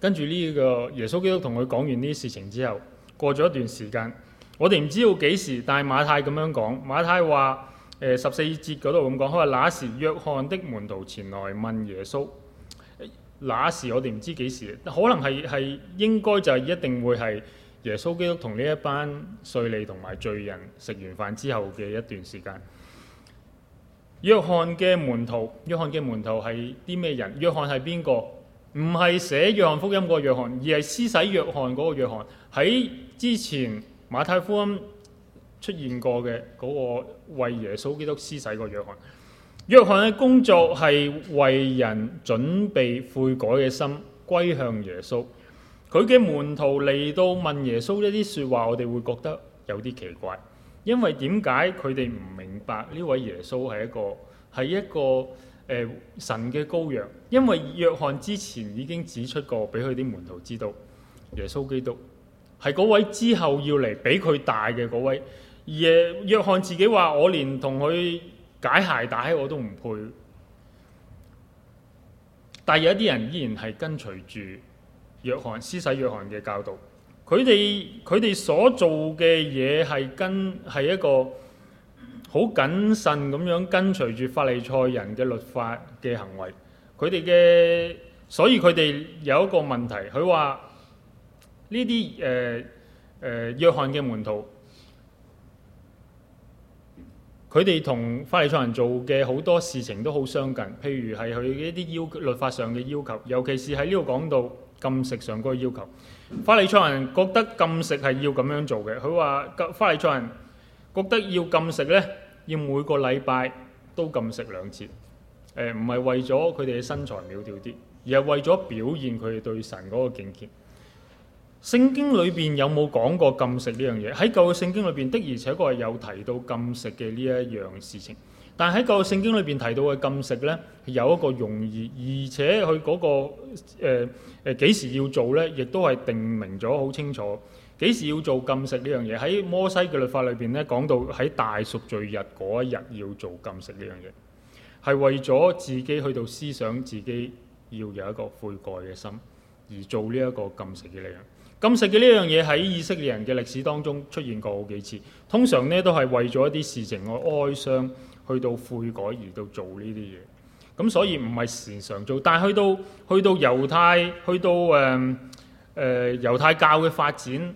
S1: 跟住呢個耶穌基督同佢講完呢啲事情之後，過咗一段時間，我哋唔知道幾時，但係馬太咁樣講，馬太話十四節嗰度咁講，佢、呃、話那，那時約翰的門徒前來問耶穌。那時我哋唔知幾時，可能係係應該就係一定會係耶穌基督同呢一班稅吏同埋罪人食完飯之後嘅一段時間。約翰嘅門徒，約翰嘅門徒係啲咩人？約翰係邊個？唔係寫約翰福音嗰個約翰，而係施洗約翰嗰個約翰。喺之前馬太福音出現過嘅嗰個為耶穌基督施洗個約翰。約翰嘅工作係為人準備悔改嘅心歸向耶穌。佢嘅門徒嚟到問耶穌一啲說話，我哋會覺得有啲奇怪，因為點解佢哋唔明白呢位耶穌係一個係一個、呃、神嘅羔羊？因為約翰之前已經指出過，俾佢啲門徒知道，耶穌基督係嗰位之後要嚟比佢大嘅嗰位。而約翰自己話：我連同佢解鞋帶我都唔配，但係有一啲人依然係跟隨住約翰施洗約翰嘅教導。佢哋佢哋所做嘅嘢係跟係一個好謹慎咁樣跟隨住法利賽人嘅律法嘅行為，佢哋嘅所以佢哋有一個問題，佢話呢啲誒誒約翰嘅門徒。佢哋同法利賽人做嘅好多事情都好相近，譬如係佢一啲要求，律法上嘅要求，尤其是喺呢度講到禁食上嗰要求。法利賽人覺得禁食係要咁樣做嘅。佢話法利賽人覺得要禁食呢，要每個禮拜都禁食兩次。誒、呃，唔係為咗佢哋嘅身材苗條啲，而係為咗表現佢哋對神嗰個敬虔。聖經裏邊有冇講過禁食呢樣嘢？喺舊嘅聖經裏邊的，而且確係有提到禁食嘅呢一樣事情。但喺舊嘅聖經裏邊提到嘅禁食呢，有一個容易，而且佢嗰、那個誒誒幾時要做呢，亦都係定明咗好清楚。幾時要做禁食呢樣嘢？喺摩西嘅律法裏邊呢，講到喺大贖罪日嗰一日要做禁食呢樣嘢，係為咗自己去到思想自己要有一個悔改嘅心，而做呢一個禁食嘅嘢。禁食嘅呢樣嘢喺以色列人嘅歷史當中出現過好幾次，通常呢都係為咗一啲事情去哀傷，去到悔改而到做呢啲嘢。咁所以唔係時常做，但係去到去到猶太，去到誒、呃呃、猶太教嘅發展，誒、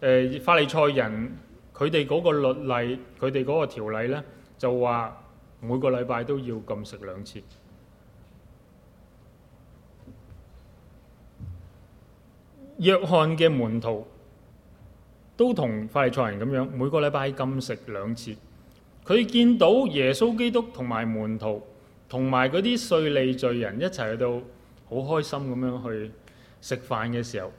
S1: 呃、法利賽人佢哋嗰個律例，佢哋嗰個條例呢，就話每個禮拜都要禁食兩次。約翰嘅門徒都同法利賽人咁樣，每個禮拜禁食兩次。佢見到耶穌基督同埋門徒，同埋嗰啲稅吏罪人一齊去到好開心咁樣去食飯嘅時候，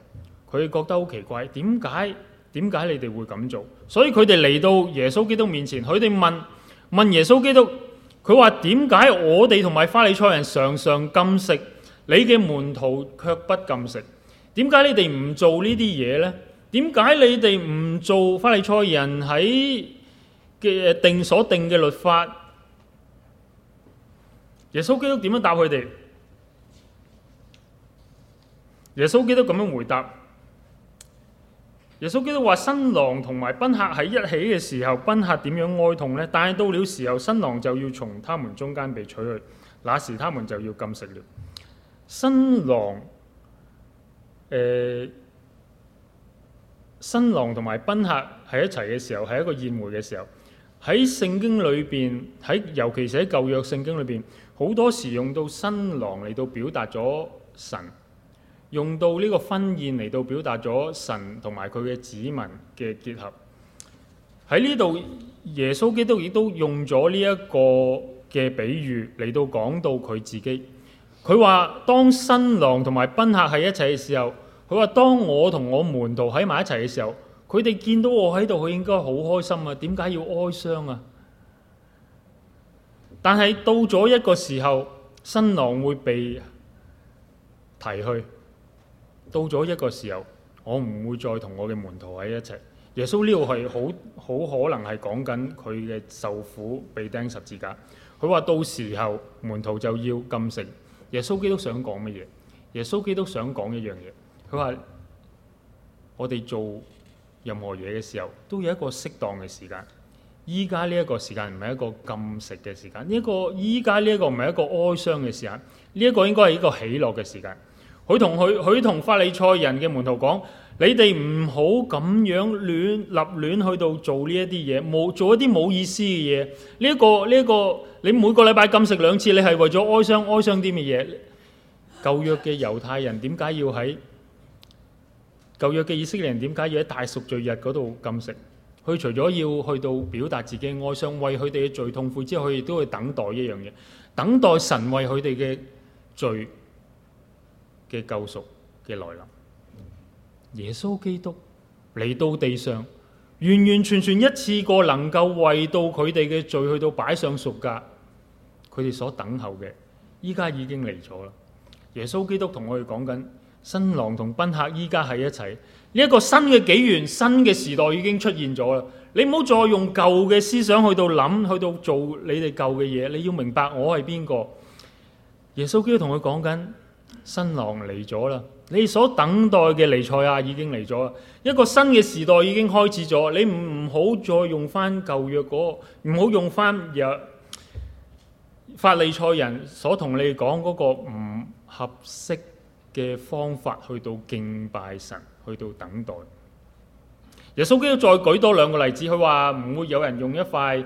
S1: 佢覺得好奇怪，點解點解你哋會咁做？所以佢哋嚟到耶穌基督面前，佢哋問問耶穌基督，佢話，點解我哋同埋法利賽人常常禁食，你嘅門徒卻不禁食？點解你哋唔做呢啲嘢呢？點解你哋唔做法利賽人喺嘅定所定嘅律法？耶穌基督點樣答佢哋？耶穌基督咁樣回答。耶穌基督話：新郎同埋賓客喺一起嘅時候，賓客點樣哀痛呢？但係到了時候，新郎就要從他們中間被取去，那時他們就要禁食了。新郎。誒新郎同埋賓客喺一齊嘅時候，係一個宴會嘅時候。喺聖經裏邊，喺尤其是喺舊約聖經裏邊，好多時用到新郎嚟到表達咗神，用到呢個婚宴嚟到表達咗神同埋佢嘅子民嘅結合。喺呢度，耶穌基督亦都用咗呢一個嘅比喻嚟到講到佢自己。佢話：當新郎同埋賓客喺一齊嘅時候，佢話：當我同我門徒喺埋一齊嘅時候，佢哋見到我喺度，佢應該好開心啊！點解要哀傷啊？但係到咗一個時候，新郎會被提去；到咗一個時候，我唔會再同我嘅門徒喺一齊。耶穌呢度係好好可能係講緊佢嘅受苦，被釘十字架。佢話：到時候門徒就要禁食。耶穌基督想講乜嘢？耶穌基督想講一樣嘢，佢話：我哋做任何嘢嘅時候，都有一個適當嘅時間。依家呢一個時間唔係一個禁食嘅時間，呢一個依家呢一個唔係一個哀傷嘅時間，呢一個應該係一個喜樂嘅時間。佢同佢佢同法利賽人嘅門徒講：你哋唔好咁樣亂立亂去到做呢一啲嘢，冇做一啲冇意思嘅嘢。呢一個呢一個，你每個禮拜禁食兩次，你係為咗哀傷哀傷啲咩嘢？舊約嘅猶太人點解要喺舊約嘅以色列人點解要喺大贖罪日嗰度禁食？佢除咗要去到表達自己嘅哀傷，為佢哋嘅罪痛苦之外，亦都會等待一樣嘢，等待神為佢哋嘅罪嘅救贖嘅來臨，耶穌基督嚟到地上，完完全全一次過能夠為到佢哋嘅罪去到擺上贖價。佢哋所等候嘅，依家已經嚟咗啦。耶穌基督同我哋講緊新郎同賓客在在，依家喺一齊，呢一個新嘅紀元、新嘅時代已經出現咗啦。你唔好再用舊嘅思想去到諗，去到做你哋舊嘅嘢。你要明白我係邊個？耶穌基督同佢講緊。新郎嚟咗啦！你所等待嘅彌賽亞、啊、已經嚟咗啦，一個新嘅時代已經開始咗。你唔好再用返舊約嗰個，唔好用返法利賽人所同你講嗰個唔合適嘅方法去到敬拜神，去到等待。耶穌基督再舉多兩個例子，佢話唔會有人用一塊。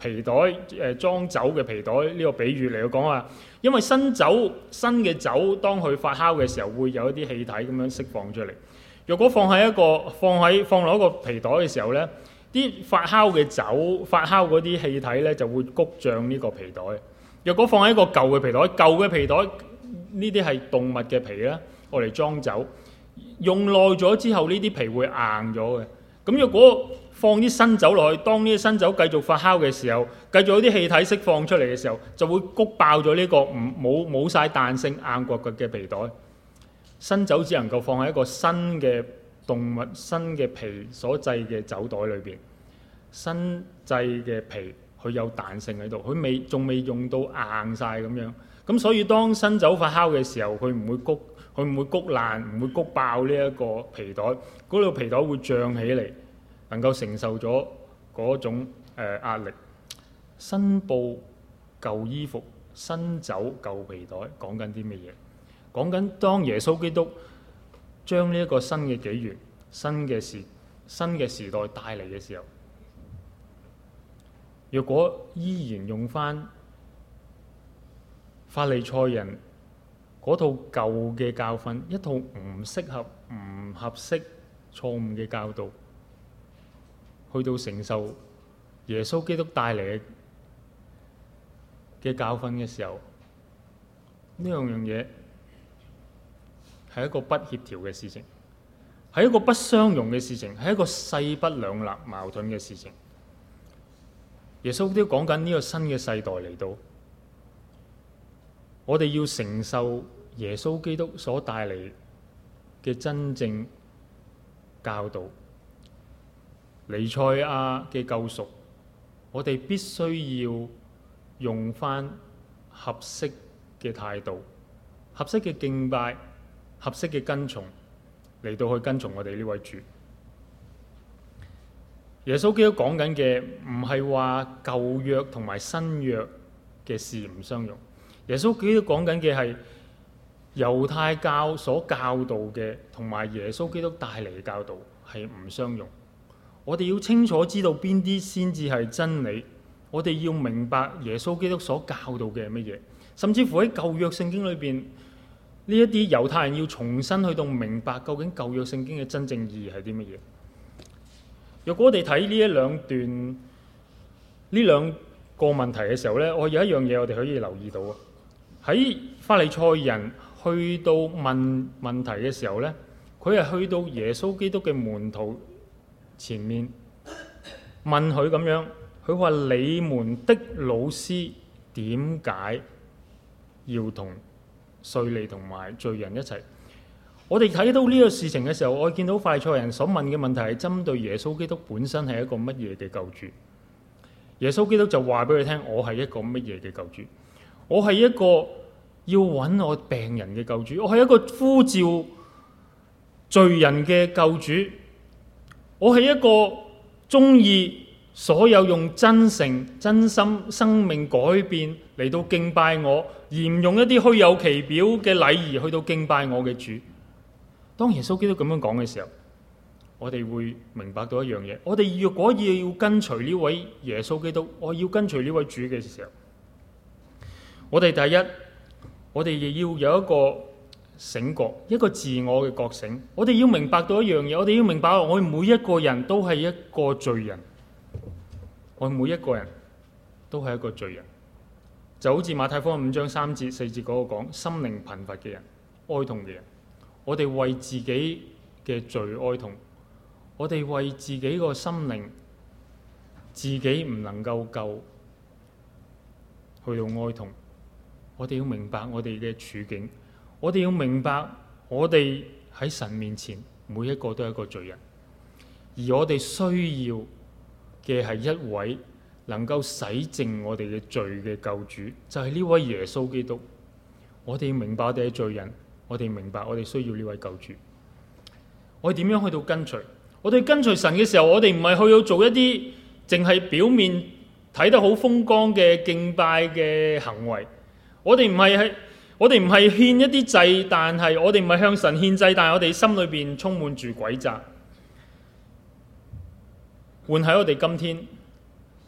S1: 皮袋誒裝、呃、酒嘅皮袋呢、呢個比喻嚟講啊，因為新酒，新嘅酒當佢發酵嘅時候會有一啲氣體咁樣釋放出嚟。若果放喺一個放喺放落一個皮袋嘅時候呢，啲發酵嘅酒發酵嗰啲氣體呢就會谷脹呢個皮袋。若果放喺一個舊嘅皮袋，舊嘅皮袋呢啲係動物嘅皮呢，我嚟裝酒用耐咗之後呢啲皮會硬咗嘅。咁若果，放啲新酒落去，當呢啲新酒繼續發酵嘅時候，繼續有啲氣體釋放出嚟嘅時候，就會谷爆咗呢個唔冇冇晒彈性、硬掘掘嘅皮袋。新酒只能夠放喺一個新嘅動物、新嘅皮所製嘅酒袋裏邊。新製嘅皮佢有彈性喺度，佢未仲未用到硬晒咁樣。咁所以當新酒發酵嘅時候，佢唔會谷，佢唔會谷爛，唔會谷爆呢一個皮袋。嗰個皮袋會脹起嚟。能夠承受咗嗰種呃、壓力，新布舊衣服，新酒舊皮袋，講緊啲乜嘢？講緊當耶穌基督將呢一個新嘅紀元、新嘅時、新嘅時代帶嚟嘅時候，若果依然用返法利賽人嗰套舊嘅教訓，一套唔適合、唔合適、錯誤嘅教導。去到承受耶穌基督帶嚟嘅教訓嘅時候，呢兩樣嘢係一個不協調嘅事情，係一個不相容嘅事情，係一個勢不兩立、矛盾嘅事情。耶穌都講緊呢個新嘅世代嚟到，我哋要承受耶穌基督所帶嚟嘅真正教導。尼塞亞嘅救贖，我哋必須要用返合適嘅態度、合適嘅敬拜、合適嘅跟從嚟到去跟從我哋呢位主。耶穌基督講緊嘅唔係話舊約同埋新約嘅事唔相容。耶穌基督講緊嘅係猶太教所教導嘅，同埋耶穌基督帶嚟嘅教導係唔相容。我哋要清楚知道邊啲先至係真理，我哋要明白耶穌基督所教導嘅乜嘢，甚至乎喺舊約聖經裏邊，呢一啲猶太人要重新去到明白究竟舊約聖經嘅真正意義係啲乜嘢。若果我哋睇呢一兩段呢兩個問題嘅時候呢，我有一樣嘢我哋可以留意到啊，喺法利賽人去到問問題嘅時候呢，佢係去到耶穌基督嘅門徒。前面問佢咁樣，佢話：你們的老師點解要同稅吏同埋罪人一齊？我哋睇到呢個事情嘅時候，我見到法利賽人所問嘅問題係針對耶穌基督本身係一個乜嘢嘅救主？耶穌基督就話俾佢聽：我係一個乜嘢嘅救主？我係一個要揾我病人嘅救主，我係一個呼召罪人嘅救主。我係一個鍾意所有用真誠、真心、生命改變嚟到敬拜我，而唔用一啲虛有其表嘅禮儀去到敬拜我嘅主。當耶穌基督咁樣講嘅時候，我哋會明白到一樣嘢。我哋若果要要跟隨呢位耶穌基督，我要跟隨呢位主嘅時候，我哋第一，我哋亦要有一個醒覺，一個自我嘅覺醒。我哋要明白到一樣嘢，我哋要明白我哋每一個人都係一個罪人。我每一個人都係一個罪人，就好似馬太福音五章三節、四節嗰個講，心靈貧乏嘅人、哀痛嘅人，我哋為自己嘅罪哀痛，我哋為自己個心靈，自己唔能夠救，去到哀痛。我哋要明白我哋嘅處境。我哋要明白，我哋喺神面前每一個都係一個罪人，而我哋需要嘅係一位能夠洗淨我哋嘅罪嘅救主，就係呢位耶穌基督。我哋要明白，我哋嘅罪人；我哋明白，我哋需要呢位救主。我哋點樣去到跟隨？我哋跟隨神嘅時候，我哋唔係去到做一啲淨係表面睇得好風光嘅敬拜嘅行為，我哋唔係係。我哋唔係獻一啲祭，但係我哋唔係向神獻祭，但係我哋心裏面充滿住詭詐。換喺我哋今天，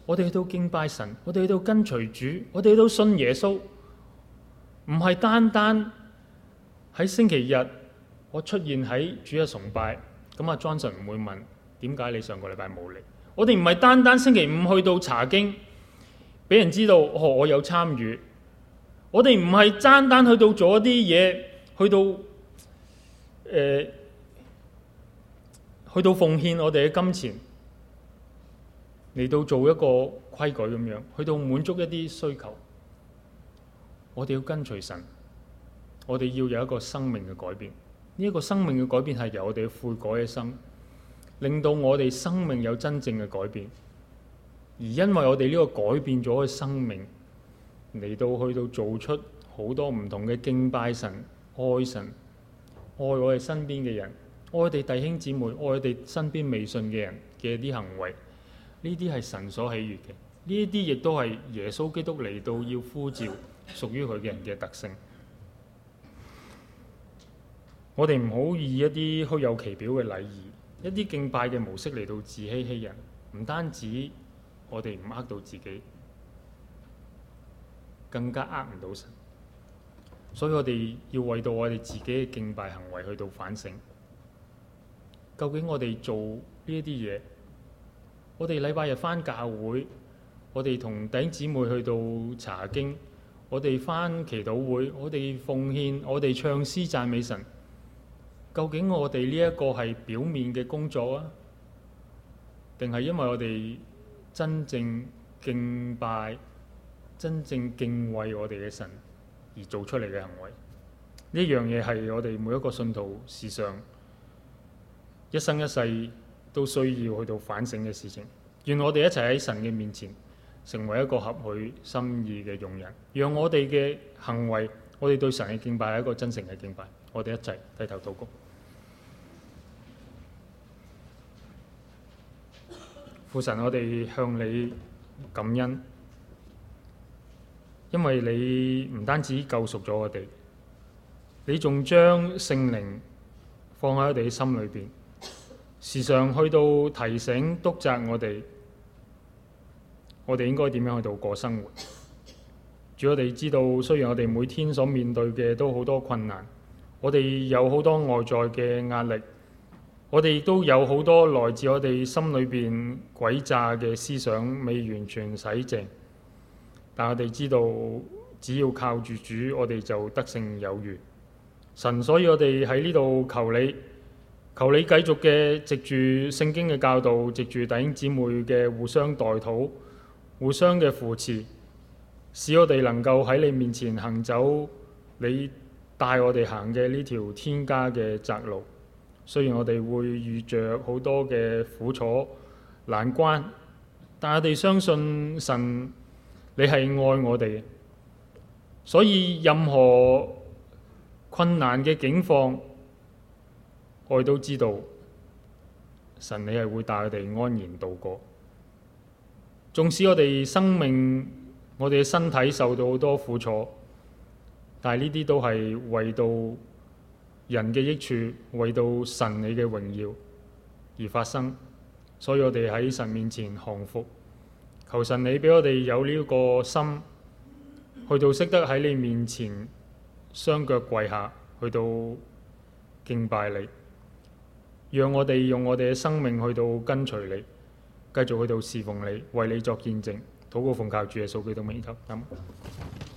S1: 我哋去到敬拜神，我哋去到跟隨主，我哋去到信耶穌，唔係單單喺星期日我出現喺主日崇拜，咁阿 Johnson 唔會問點解你上個禮拜冇嚟。我哋唔係單單星期五去到查經，俾人知道和我有參與。我哋唔係單單去到做一啲嘢，去到誒、呃，去到奉獻我哋嘅金錢，嚟到做一個規矩咁樣，去到滿足一啲需求。我哋要跟隨神，我哋要有一個生命嘅改變。呢、這、一個生命嘅改變係由我哋悔改嘅生，令到我哋生命有真正嘅改變。而因為我哋呢個改變咗嘅生命。嚟到去到做出好多唔同嘅敬拜神、愛神、愛我哋身邊嘅人、愛我哋弟兄姊妹、愛我哋身邊未信嘅人嘅一啲行為，呢啲係神所喜悦嘅，呢啲亦都係耶穌基督嚟到要呼召屬於佢嘅人嘅特性。我哋唔好以一啲虛有其表嘅禮儀、一啲敬拜嘅模式嚟到自欺欺人，唔單止我哋唔呃到自己。更加呃唔到神，所以我哋要為到我哋自己嘅敬拜行為去到反省，究竟我哋做呢一啲嘢，我哋禮拜日返教會，我哋同弟兄姊妹去到查經，我哋返祈禱會，我哋奉獻，我哋唱詩讚美神，究竟我哋呢一個係表面嘅工作啊，定係因為我哋真正敬拜？真正敬畏我哋嘅神而做出嚟嘅行為，呢樣嘢係我哋每一個信徒事上一生一世都需要去到反省嘅事情。願我哋一齊喺神嘅面前成為一個合佢心意嘅傭人，讓我哋嘅行為，我哋對神嘅敬拜係一個真誠嘅敬拜。我哋一齊低頭禱告，父神，我哋向你感恩。因為你唔單止救贖咗我哋，你仲將聖靈放喺我哋心裏邊，時常去到提醒督責我哋，我哋應該點樣去到過生活。主要我哋知道，雖然我哋每天所面對嘅都好多困難，我哋有好多外在嘅壓力，我哋都有好多來自我哋心裏面詭詐嘅思想未完全洗淨。但我哋知道，只要靠住主，我哋就得勝有餘。神，所以我哋喺呢度求你，求你繼續嘅藉住聖經嘅教導，藉住弟兄姊妹嘅互相代禱、互相嘅扶持，使我哋能夠喺你面前行走，你帶我哋行嘅呢條天家嘅窄路。雖然我哋會遇着好多嘅苦楚、難關，但我哋相信神。你係愛我哋，所以任何困難嘅境況，我都知道，神你係會帶我哋安然度過。縱使我哋生命、我哋嘅身體受到好多苦楚，但係呢啲都係為到人嘅益處，為到神你嘅榮耀而發生，所以我哋喺神面前降服。求神，你俾我哋有呢個心，去到識得喺你面前雙腳跪下，去到敬拜你，讓我哋用我哋嘅生命去到跟隨你，繼續去到侍奉你，為你作見證，禱告奉靠主嘅數據，都未及。多多多多